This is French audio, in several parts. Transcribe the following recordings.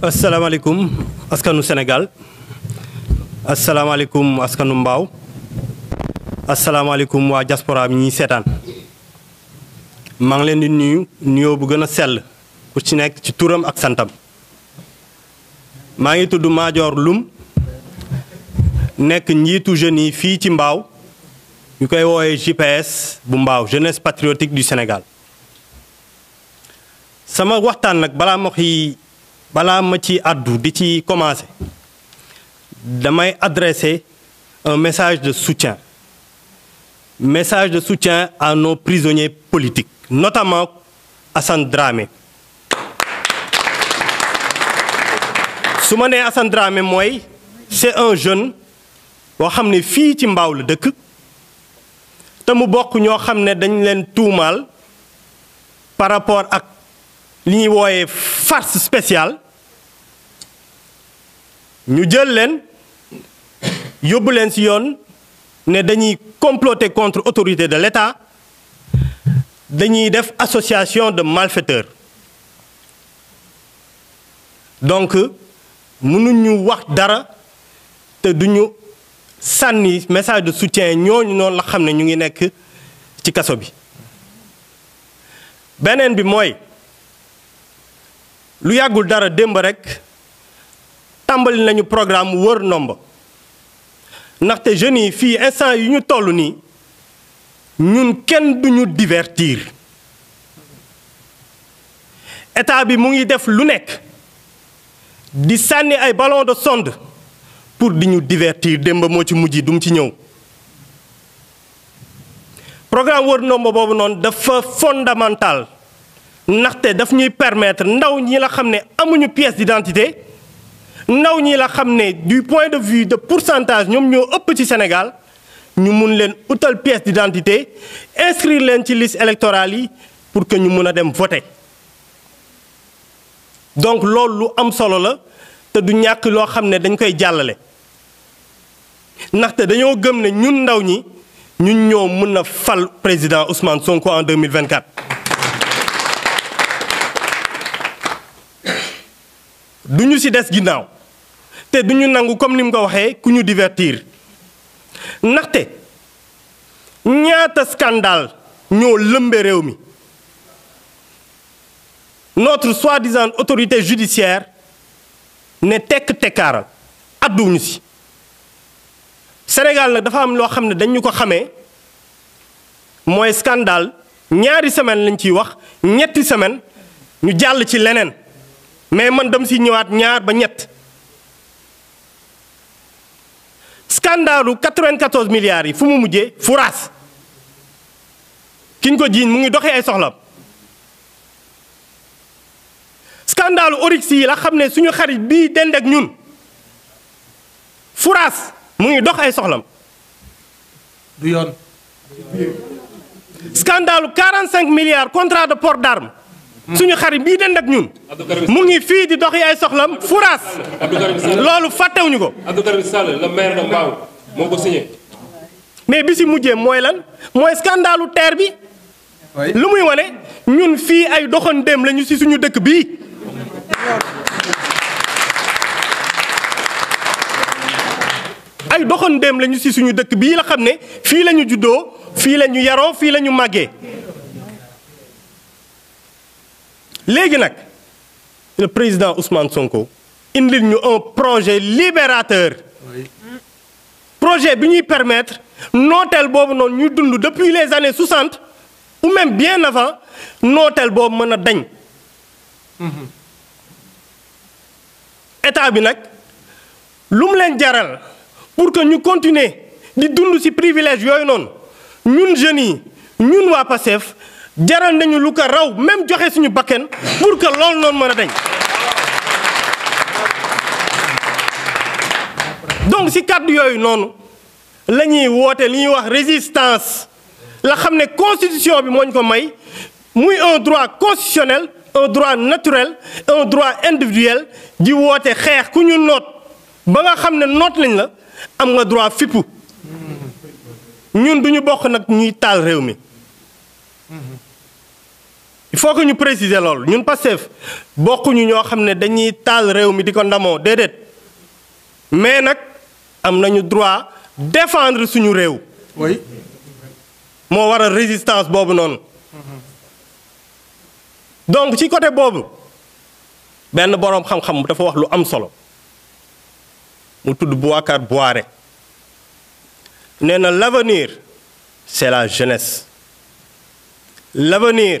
Assalamualaikum askanu Senegal, Assalamualaikum askanu Mbaw Assalamualaikum wa diaspora bi ni seetaan maa ngi leen di nuyu nuyo bu gëna sel ku ci nek ci turam ak santam Ma ngi tuddu Madior lum, nek njitu jeune fi ci Mbaw ñu koy woyé GPS bu Mbaw jeunesse patriotique du Sénégal sama waxtan nak bala mo bala ma ci àddu di ci commencer damay adresser un message de soutien message de soutien à nos prisonniers politiques notamment Assane Dramé su ma nee Assane c'est un jeune boo xam ne fii ci mbaaw la dëkk te mu bokk ñoo xam dañ leen par rapport à li ñuy farce spéciale ñu jël len yobul len ci yoon né dañuy comploter contre autorité de l'État dañuy def association de malfaiteurs donc ñu wax dara te duñu sanni message de soutien ñooñu non la xamné ñu ngi nekk ci kasso bi benen bi moy lu yàggul dara démb rek tàmbali nañu programme wër nomba ndaxte jeune yi fii instant yu ñu toll nii ñun kenn duñu divertir état bi mu ngi def lu nekk di sànni ay ballon de sonde pour di divertir démb moo ci mujj dum ci ñëw programme wër nomba boobu noonu dafa fondamental parce daf permettre ndaw ñi la pièce d'identité ndaw ñi la du point de vue de pourcentage de ñoo Sénégal ñu une pièce d'identité inscrire leen la liste électorale pour que nous puissions voter donc ce lu am solo la te du ñak nous xam dañ koy gëm ñun ndaw ñi ñun président Ousmane Sonko en 2024 Nous sommes des nous te du nangu comme divertir ñaata scandale notre soi-disant autorité judiciaire ne tek tekkaaral ci Sénégal nous dafa am lo xamné ne dañu ko scandale ñaari semaine wax mais man dem ci ñëwaat ñaar ba ñett scandale 94 milliards yi fu mu mujjee furaas kiñ ko jiñ mu ngi doxé ay soxlam scandale orix yi la xamné suñu xarit bi dend ak ñun furaas mu ngi dox ay soxlam du yoon 45 milliards contrat de port d'armes suñu xarit bi dënd ak ñun mu ngi fi di doxi ay soxlam furas. lolu faté wuñu ko mais bi si mujjee mooy lan moy scandalu terre bi lu muy wone ñun fi ay dem lañu si suñu dëkk bi ay dem lañu ci suñu dëkk bi la xamné fi lañu la juddoo fi la ñu yaroo la le président Ousmane Sonko il a un projet libérateur projet qui ñuy permettre nooteel nous nous ñu dund depuis les années 60 ou même bien avant nooteel boobu mën nous dañ mhm. état bi nous lu pour que nous continuer di nous ci privilège Nous, nous jeunes nous ñun nous Pastef jaral nañu lu ko raw même joxe suñu bakken pour que lool non mën dañ donc si cadre yooyu non la woté woote wax résistance la xamné constitution bi moñ ko may muy un droit constitutionnel un droit naturel un droit individuel di woté xex ku ñu noot ba nga xamné note lañ la am nga droit fipu ñun duñu bokk nak ñuy tal réew mi il faut que ñu préciser loolu ñun Pastef bokkuñu ñoo xam ne dañuy taal réew mi di ko ndamoo mais nous am nañu droit défendre suñu réew. oui moo waral résistance bob non. donc ci côté boobu benn borom xam-xam dafa wax lu am solo mu tudd Boubacar Boiré néna l'avenir c'est la jeunesse L'avenir.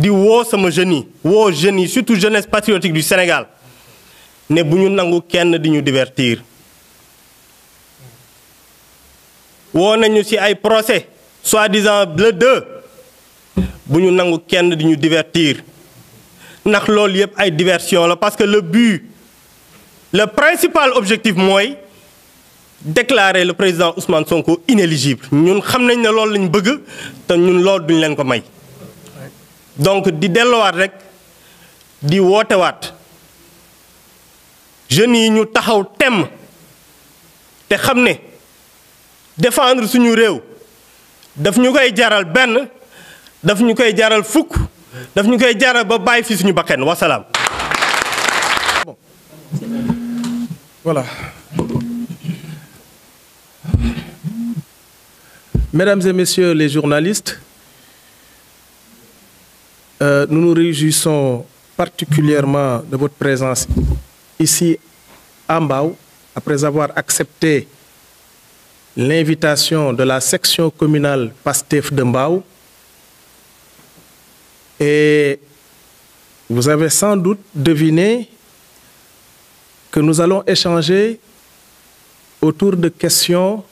di wo sama jeunes wo woo surtout jeunesse patriotique du Sénégal ne buñu ne nangu kenn di divertir wo nañu ci ay procès soi-disant bleu deux buñu ne nangu kenn di divertir ndax lool yépp ay diversion la parce que le but le principal objectif moy déclarer le président Ousmane Sonko inéligible ñun xam nañ né lool lañ bëgg te ñun loolu duñ ko may donc di delluwaat rek di wootewaat jeunes yi ñu taxaw temm te xam défendre suñu réew daf ñu jaral ben. daf ñu jaral fukk daf ñu jaral ba bàyyi fi suñu voilà. Mesdames et messieurs les journalistes. Euh, nous nous réjouissons particulièrement de votre présence ici à Mbao, après avoir accepté l'invitation de la section communale PASTEF de Mbao. Et vous avez sans doute deviné que nous allons échanger autour de questions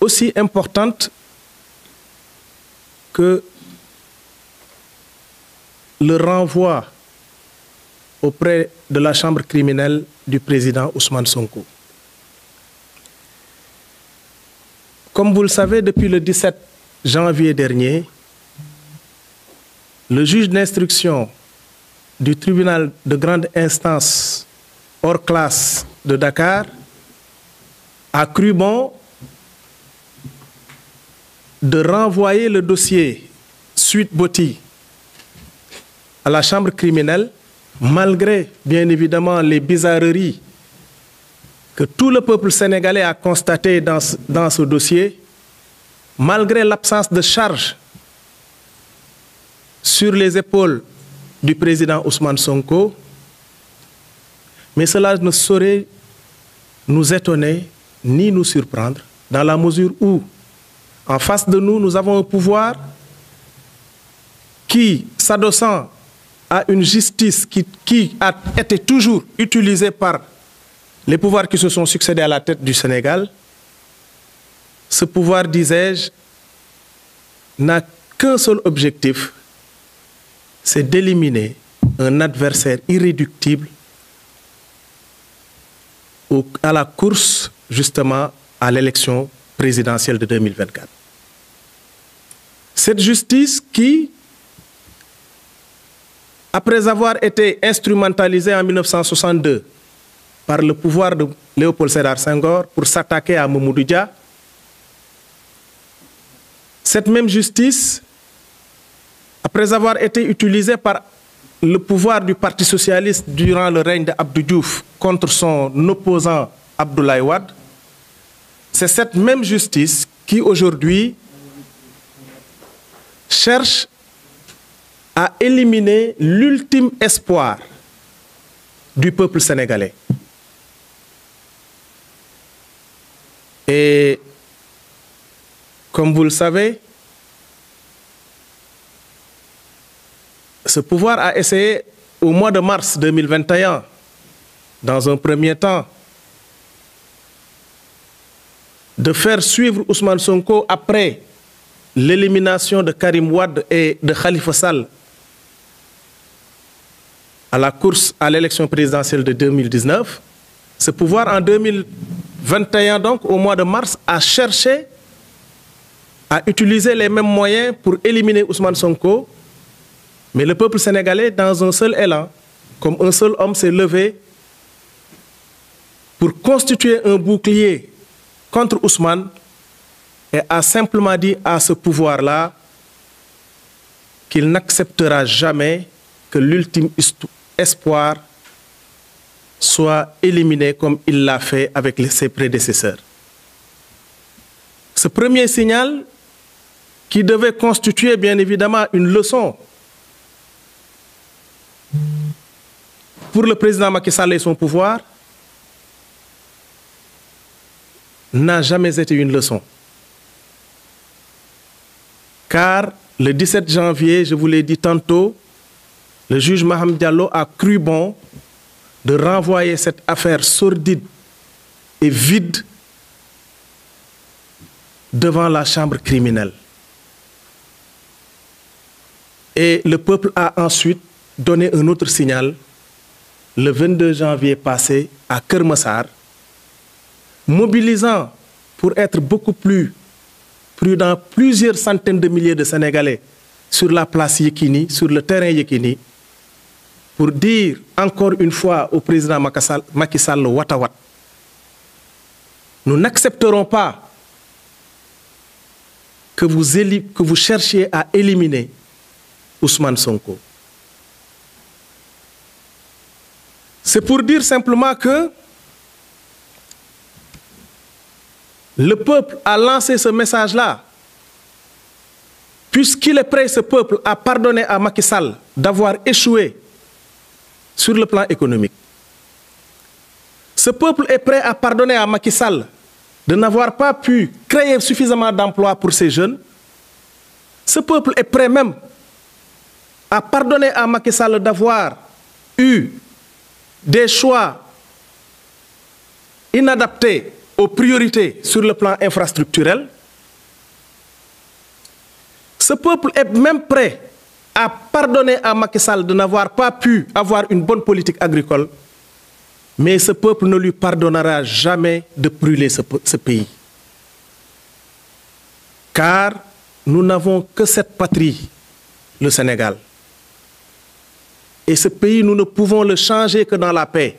aussi importantes que le renvoi auprès de la chambre criminelle du président Ousmane Sonko. Comme vous le savez, depuis le 17 janvier dernier, le juge d'instruction du tribunal de grande instance hors classe de Dakar a cru bon de renvoyer le dossier suite Botti à la chambre criminelle, malgré bien évidemment les bizarreries que tout le peuple sénégalais a constatées dans ce, dans ce dossier, malgré l'absence de charge sur les épaules du président Ousmane Sonko, mais cela ne saurait nous étonner ni nous surprendre dans la mesure où, en face de nous, nous avons un pouvoir qui, s'adossant à une justice qui, a été toujours utilisée par les pouvoirs qui se sont succédés à la tête du Sénégal, ce pouvoir, disais-je, n'a qu'un seul objectif, c'est d'éliminer un adversaire irréductible à la course justement à l'élection présidentielle de 2024. Cette justice qui, après avoir été instrumentalisé en 1962 par le pouvoir de Léopold Sédar Senghor pour s'attaquer à Mamoudou cette même justice, après avoir été utilisée par le pouvoir du Parti socialiste durant le règne d'Abdou Diouf contre son opposant Abdoulaye Wade, c'est cette même justice qui aujourd'hui cherche a éliminé l'ultime espoir du peuple sénégalais. Et comme vous le savez, ce pouvoir a essayé au mois de mars 2021, dans un premier temps, de faire suivre Ousmane Sonko après l'élimination de Karim Ouad et de Khalifa Sall à la course à l'élection présidentielle de 2019, ce pouvoir en 2021, donc au mois de mars, a cherché à utiliser les mêmes moyens pour éliminer Ousmane Sonko, mais le peuple sénégalais, dans un seul élan, comme un seul homme s'est levé pour constituer un bouclier contre Ousmane et a simplement dit à ce pouvoir-là qu'il n'acceptera jamais que l'ultime histoire espoir soit éliminé comme il l'a fait avec ses prédécesseurs. Ce premier signal, qui devait constituer bien évidemment une leçon pour le président Macky Sall et son pouvoir, n'a jamais été une leçon. Car le 17 janvier, je vous l'ai dit tantôt, le juge Maham Diallo a cru bon de renvoyer cette affaire sordide et vide devant la chambre criminelle. Et le peuple a ensuite donné un autre signal le 22 janvier passé à Kermassar, mobilisant pour être beaucoup plus prudent plusieurs centaines de milliers de Sénégalais sur la place Yekini, sur le terrain Yekini, pour dire encore une fois au président Macky Watawat, nous n'accepterons pas que vous, cherchiez à éliminer Ousmane Sonko. C'est pour dire simplement que le peuple a lancé ce message-là, puisqu'il est prêt, ce peuple, à pardonner à Macky d'avoir échoué sur le plan économique. Ce peuple est prêt à pardonner à Macky Sall de n'avoir pas pu créer suffisamment d'emplois pour ses jeunes. Ce peuple est prêt même à pardonner à Macky Sall d'avoir eu des choix inadaptés aux priorités sur le plan infrastructurel. Ce peuple est même prêt a pardonné à Macky Sall de n'avoir pas pu avoir une bonne politique agricole, mais ce peuple ne lui pardonnera jamais de brûler ce, pays. Car nous n'avons que cette patrie, le Sénégal. Et ce pays, nous ne pouvons le changer que dans la paix.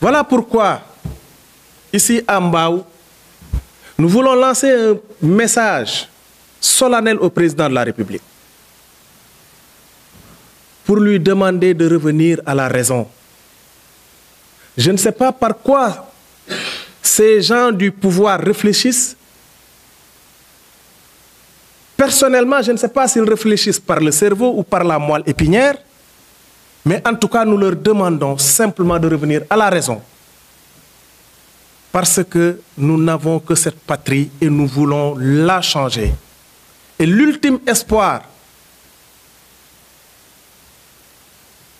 Voilà pourquoi, ici à Mbaou, nous voulons lancer un message solennel au président de la République pour lui demander de revenir à la raison. Je ne sais pas par quoi ces gens du pouvoir réfléchissent. Personnellement, je ne sais pas s'ils réfléchissent par le cerveau ou par la moelle épinière, mais en tout cas, nous leur demandons simplement de revenir à la raison. Parce que nous n'avons que cette patrie et nous voulons la changer. Et l'ultime espoir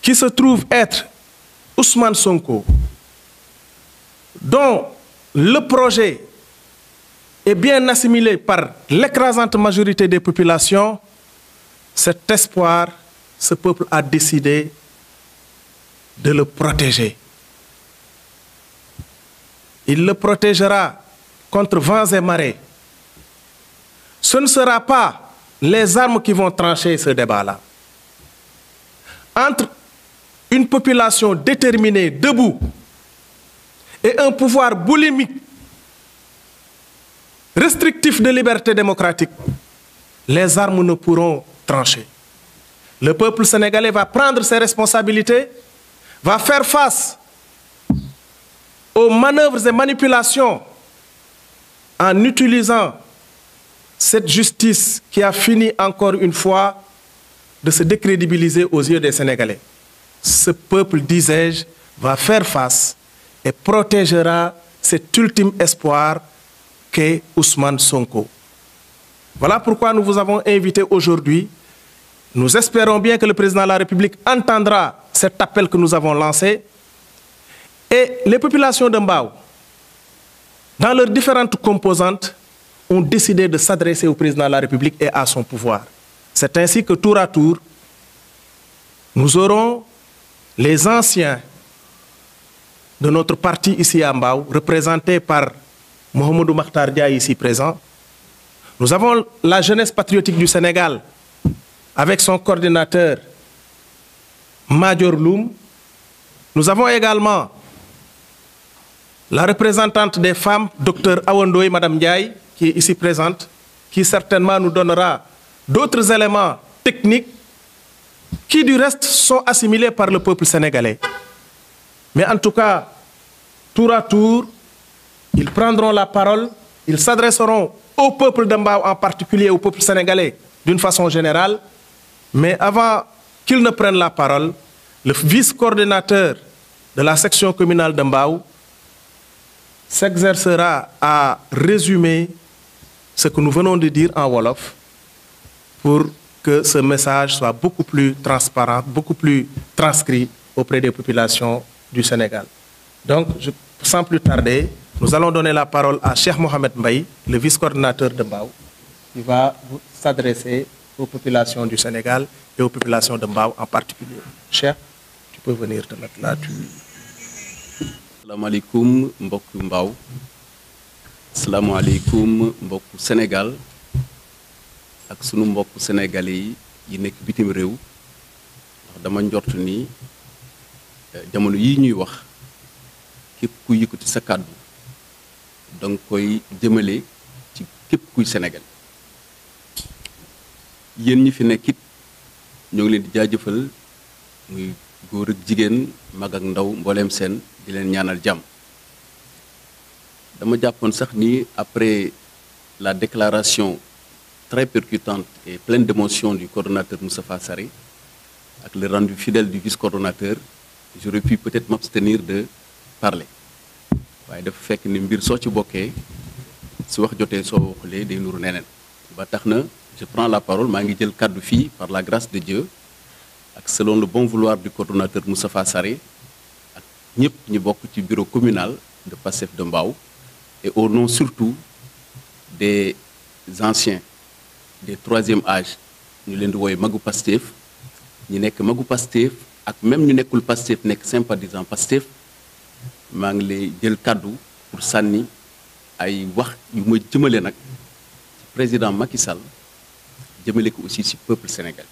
qui se trouve être Ousmane Sonko, dont le projet est bien assimilé par l'écrasante majorité des populations, cet espoir, ce peuple a décidé de le protéger. Il le protégera contre vents et marées. Ce ne sera pas les armes qui vont trancher ce débat-là. Entre une population déterminée, debout, et un pouvoir boulimique, restrictif de liberté démocratique, les armes ne pourront trancher. Le peuple sénégalais va prendre ses responsabilités, va faire face aux manœuvres et manipulations en utilisant cette justice qui a fini encore une fois de se décrédibiliser aux yeux des Sénégalais ce peuple, disais-je, va faire face et protégera cet ultime espoir qu'est Ousmane Sonko. Voilà pourquoi nous vous avons invité aujourd'hui. Nous espérons bien que le président de la République entendra cet appel que nous avons lancé. Et les populations de dans leurs différentes composantes, ont décidé de s'adresser au président de la République et à son pouvoir. C'est ainsi que tour à tour, nous aurons les anciens de notre parti ici à Mbao, représentés par Mohamedou Makhtar ici présent, nous avons la jeunesse patriotique du Sénégal avec son coordinateur Major Loum. Nous avons également la représentante des femmes, Dr Awandoy, Madame Diaye, qui est ici présente, qui certainement nous donnera d'autres éléments techniques qui du reste sont assimilés par le peuple sénégalais. Mais en tout cas, tour à tour, ils prendront la parole, ils s'adresseront au peuple d'Embaou en particulier, au peuple sénégalais d'une façon générale. Mais avant qu'ils ne prennent la parole, le vice-coordinateur de la section communale d'Embaou s'exercera à résumer ce que nous venons de dire en Wolof pour que ce message soit beaucoup plus transparent, beaucoup plus transcrit auprès des populations du Sénégal. Donc, sans plus tarder, nous allons donner la parole à Cheikh Mohamed Mbaye, le vice-coordinateur de Mbao, qui va s'adresser aux populations du Sénégal et aux populations de Mbao en particulier. Cheikh, tu peux venir te mettre là. Salam alaikum, Salam alaikum, Sénégal. ak sunu mbokk sénégalais yi nekk bitim réew ndax dama njort ni eh, jamono yi ñuy wax képp ku kuy ci sa kàddu danga koy jëmale ci képp kuy Sénégal yéen ñi fi nekk it ñoo ngi leen di jaajëfal muy góor ak jigéen mag ak ndaw mbooleem seen di leen ñaanal jàmm dama jàppoon sax ni après la déclaration très percutante et pleine d'émotion du coordonnateur Moussa Fassari, avec le rendu fidèle du vice-coordonnateur, j'aurais pu peut-être m'abstenir de parler. De fait, fekk ni mbir soo ci bokkee su wax jotee soo waxulee day nuru neneen ba tax je prends la parole maa le jël kàddu fii par la grâce de Dieu et selon le bon vouloir du coordonnateur Moussa Fassari, ak ñëpp ñu bokk ci bureau communal de PASSEF de et au nom surtout des anciens de troisième âge nous les di magou magu Nous ñu magou Pastef même ñu nekkul Pastef nous sympathisant Pastef maa lay pour s'ani ay président Macky Sall aussi peuple sénégalais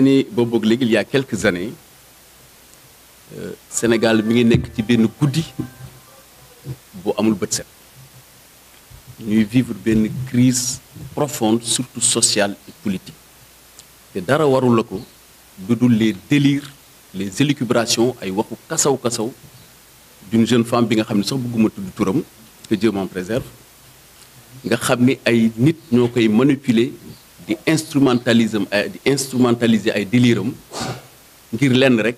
ni il y a quelques années euh, Sénégal ngi bu nous vivre une crise profonde surtout sociale et politique Et dara le les délires les élucubrations ay d'une jeune femme bi nga sax que Dieu m'en préserve manipuler di instrumentalisme, di instrumentaliser ay les ngir lenn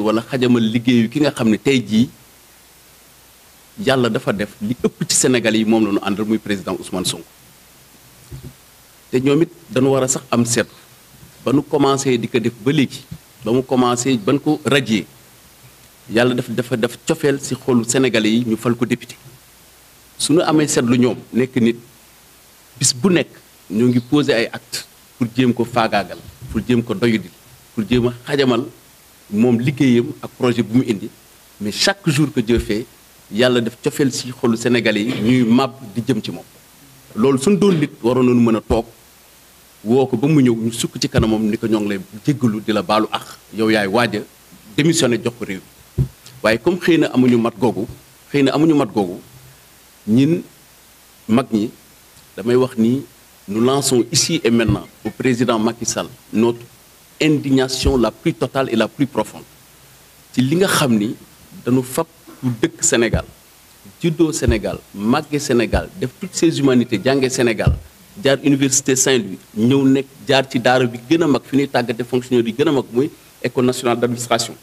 wala Yalla, dafa def li ëpp ci Sénégal la ñu muy président Ousmane Sonko te ñoom dañu war sax am seet ba nu commencé di ko def ba léegi ba mu commencé ban ko radier yàlla dafa dafa def cofeel si ont Sénégalais yi ñu fal ko député suñu amee seetlu ñoom nekk nit bis bu nekk ñoo ngi posé ay acte pour jéem ko faagaagal pour jéem ko doyudil pour jéem a xajamal moom liggéeyam ak projet bu mu mais chaque jour que Dieu fait yalla def xolu sénégalais ñuy di jëm ci suñ doon nit a ba mu ñew sukk ci kanamam ni ko ñong lay jéggulu di la ax yow yaay a jox ko réew waye comme xeyna amuñu mat xeyna amuñu mat ñin mag ñi ni nous lançons ici et maintenant au président Macky Sall notre indignation la plus totale et la plus profonde ci li nga xamni dañu du Sénégal judo Sénégal màgge Sénégal de toutes ces humanités Djangé Sénégal diar université Saint-Louis ñëw nekk jaar ci daara bi gën a fonctionnaire yi école nationale d'administration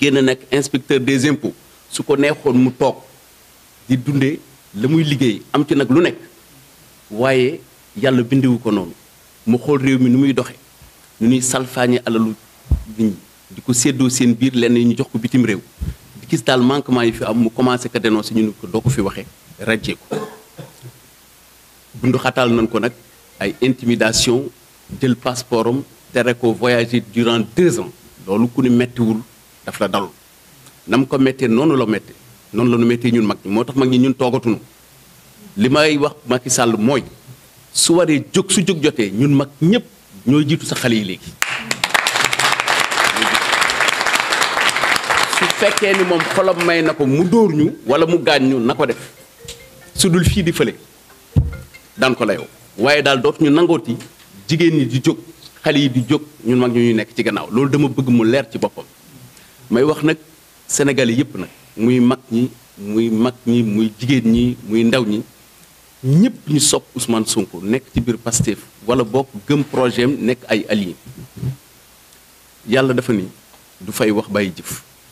génn inspecteur des impôts su ko est mu toog di dundee la muy liggéey am ci nag lu nekk waaye yàlla bindiwu ko noonu mu xool réew mi nu muy ñuy salfaañe alalu nit du di ko séddoo lenn ñu jox ko bitim gis dal manquement yi fi am mu commencé dénoncer ñu fi ko bundu xatal ko intimidation del passeport voyager durant deux ans dans ku ni wul daf la dal nam ko nonu la On la nu metti ñun mag mag ñun limay wax Macky su su fekkee ni moom xolam may na ko mu dóor ñu wala mu gaañ ñu na ko def su dul fii di fële daan ko layoo waaye daal dootuñu nangooti jigéen ñi di jóg xale yi di jóg ñun mag ñu ñuy nekk ci gannaaw loolu dama bëgg mu leer ci boppam may wax nag Sénégal yépp nag muy mag ñi muy mag ñi muy jigéen ñi muy ndaw ñi ñëpp ñu sopp Ousmane Sonko nekk ci biir Pastef wala bokk gëm projet am nekk ay alliés yàlla dafa ni du fay wax bàyyi jëf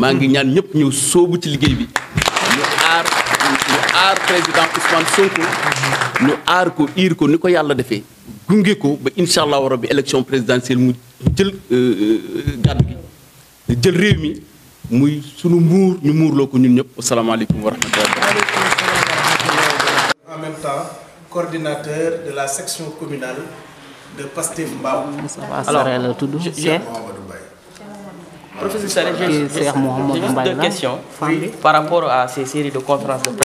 maa ngi ñaan ñëpp ñëw sóobu ci liggéey bi ñu aar ñu aar président Ousmane Sonko ñu aar ko iir ko ni ko yàlla defee ko ba incha allahu élection présidentielle mu jël gàddu euh, euh, gi jël réew mi muy sunu mur, ñu muurloo ko ñun ñëpp asalaamaaleykum wa rahmatulah. en même temps coordinateur de la section communale de Pastef Mbao. alors je je Professeur j'ai deux questions par rapport à ces séries de conférences de